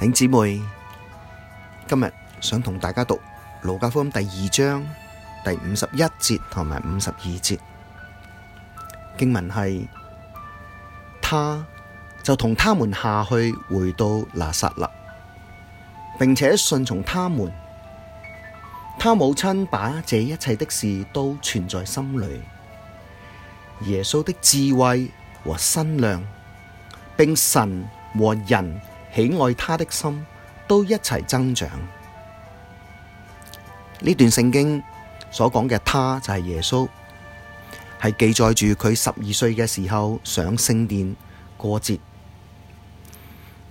頂姊妹，今日想同大家讀《路加福音》第二章第五十一節同埋五十二節經文，係他就同他們下去，回到拿撒勒，並且順從他們。他母親把這一切的事都存在心裏。耶穌的智慧和身量，並神和人。喜愛他的心都一齊增長。呢段聖經所講嘅他就係耶穌，係記載住佢十二歲嘅時候上聖殿過節。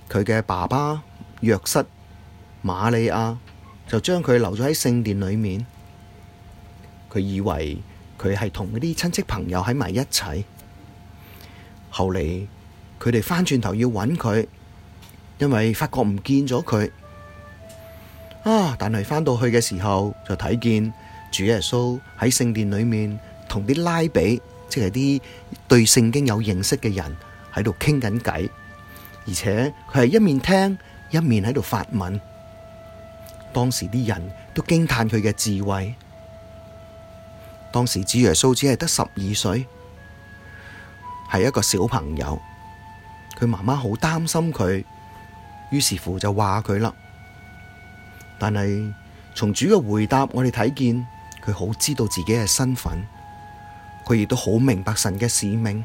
佢嘅爸爸約瑟、瑪利亞就將佢留咗喺聖殿裏面。佢以為佢係同啲親戚朋友喺埋一齊。後嚟佢哋翻轉頭要揾佢。因為發覺唔見咗佢啊！但係返到去嘅時候就睇見主耶穌喺聖殿裏面同啲拉比，即係啲對聖經有認識嘅人喺度傾緊偈，而且佢係一面聽一面喺度發問。當時啲人都驚嘆佢嘅智慧。當時主耶穌只係得十二歲，係一個小朋友，佢媽媽好擔心佢。於是乎就話佢啦，但係從主嘅回答，我哋睇見佢好知道自己嘅身份，佢亦都好明白神嘅使命，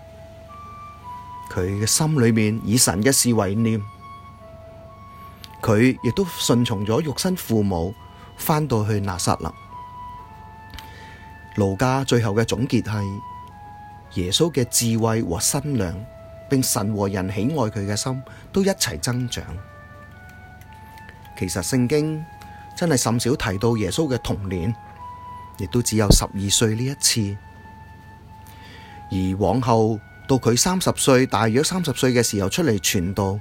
佢嘅心裏面以神嘅事為念，佢亦都順從咗肉身父母，翻到去拿撒勒。路加最後嘅總結係耶穌嘅智慧和身量，並神和人喜愛佢嘅心都一齊增長。其實聖經真係甚少提到耶穌嘅童年，亦都只有十二歲呢一次。而往後到佢三十歲，大約三十歲嘅時候出嚟傳道，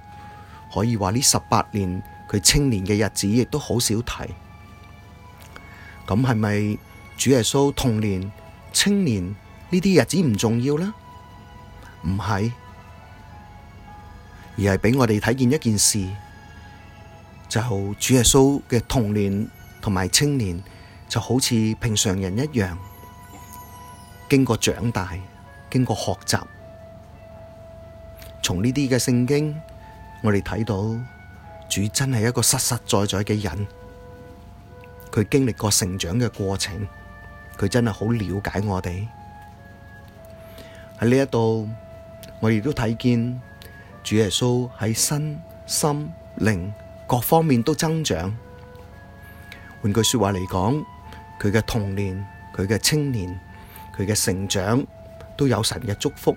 可以話呢十八年佢青年嘅日子亦都好少提。咁係咪主耶穌童年、青年呢啲日子唔重要呢？唔係，而係畀我哋睇見一件事。就主耶穌嘅童年同埋青年，就好似平常人一樣，經過長大，經過學習。從呢啲嘅聖經，我哋睇到主真係一個實實在在嘅人，佢經歷過成長嘅過程，佢真係好了解我哋。喺呢一度，我哋都睇見主耶穌喺身、心、靈。各方面都增長，換句說話嚟講，佢嘅童年、佢嘅青年、佢嘅成長都有神嘅祝福，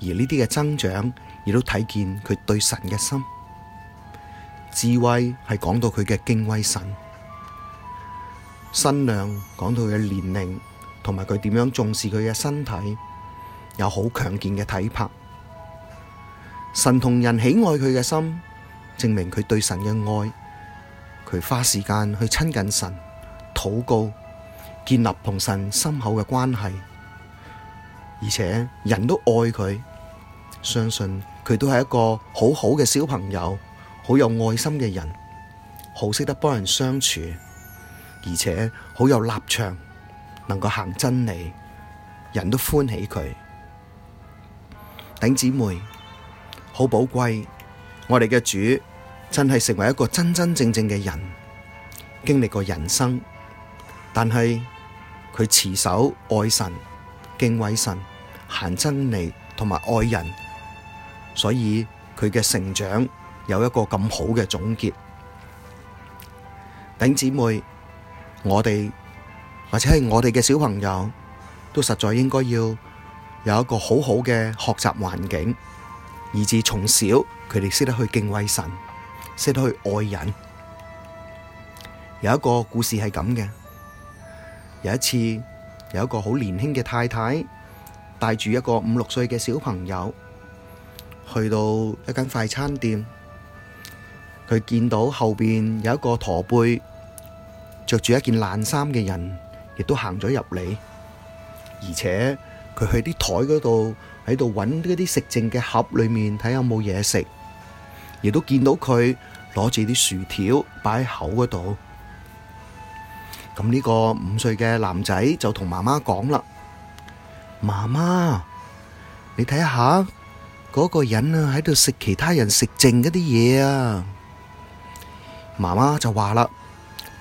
而呢啲嘅增長，亦都睇見佢對神嘅心。智慧係講到佢嘅敬畏神，身量講到佢嘅年齡，同埋佢點樣重視佢嘅身體，有好強健嘅體魄。神同人喜愛佢嘅心。證明佢對神嘅愛，佢花時間去親近神、禱告、建立同神深厚嘅關係，而且人都愛佢，相信佢都係一個好好嘅小朋友，好有愛心嘅人，好識得幫人相處，而且好有立場，能夠行真理，人都歡喜佢。頂姊妹好寶貴。我哋嘅主真係成為一個真真正正嘅人，經歷過人生，但係佢持守愛神、敬畏神、行真理同埋愛人，所以佢嘅成長有一個咁好嘅總結。頂姊妹，我哋或者係我哋嘅小朋友，都實在應該要有一個好好嘅學習環境。以至從小佢哋識得去敬畏神，識得去愛人。有一個故事係咁嘅，有一次有一個好年輕嘅太太帶住一個五六歲嘅小朋友去到一間快餐店，佢見到後邊有一個駝背着住一件爛衫嘅人，亦都行咗入嚟，而且。佢去啲台嗰度喺度揾嗰啲食剩嘅盒裏面睇下有冇嘢食，亦都見到佢攞住啲薯條擺喺口嗰度。咁呢個五歲嘅男仔就同媽媽講啦：媽媽，你睇下嗰個人啊，喺度食其他人食剩嗰啲嘢啊！媽媽就話啦：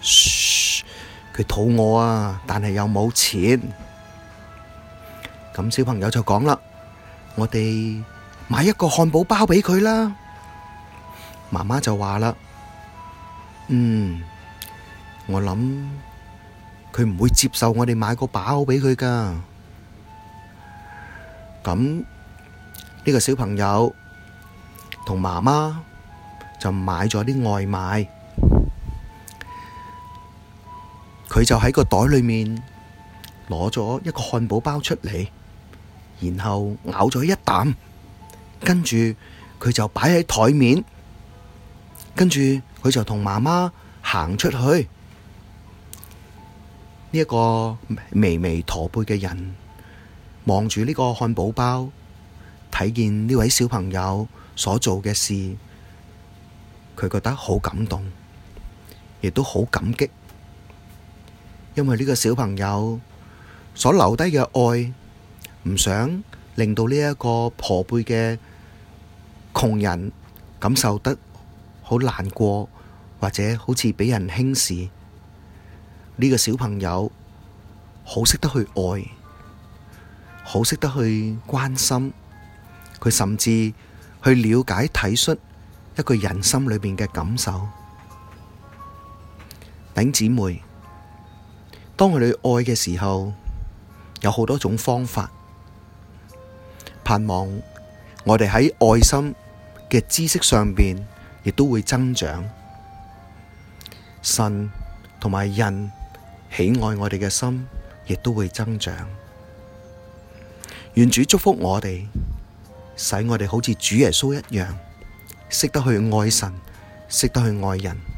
噓，佢肚餓啊，但係又冇錢。咁小朋友就講啦，我哋買一個漢堡包畀佢啦。媽媽就話啦，嗯，我諗佢唔會接受我哋買個包畀佢㗎。咁呢、這個小朋友同媽媽就買咗啲外賣，佢就喺個袋裏面攞咗一個漢堡包出嚟。然後咬咗一啖，跟住佢就擺喺台面，跟住佢就同媽媽行出去。呢一個微微駝背嘅人望住呢個漢堡包，睇見呢位小朋友所做嘅事，佢覺得好感動，亦都好感激，因為呢個小朋友所留低嘅愛。唔想令到呢一個駝背嘅窮人感受得好難過，或者好似俾人輕視。呢個小朋友好識得去愛，好識得去關心，佢甚至去了解體恤一個人心裏面嘅感受。頂姊妹，當我哋愛嘅時候，有好多種方法。盼望我哋喺愛心嘅知識上邊，亦都會增長。神同埋人喜愛我哋嘅心，亦都會增長。願主祝福我哋，使我哋好似主耶穌一樣，識得去愛神，識得去愛人。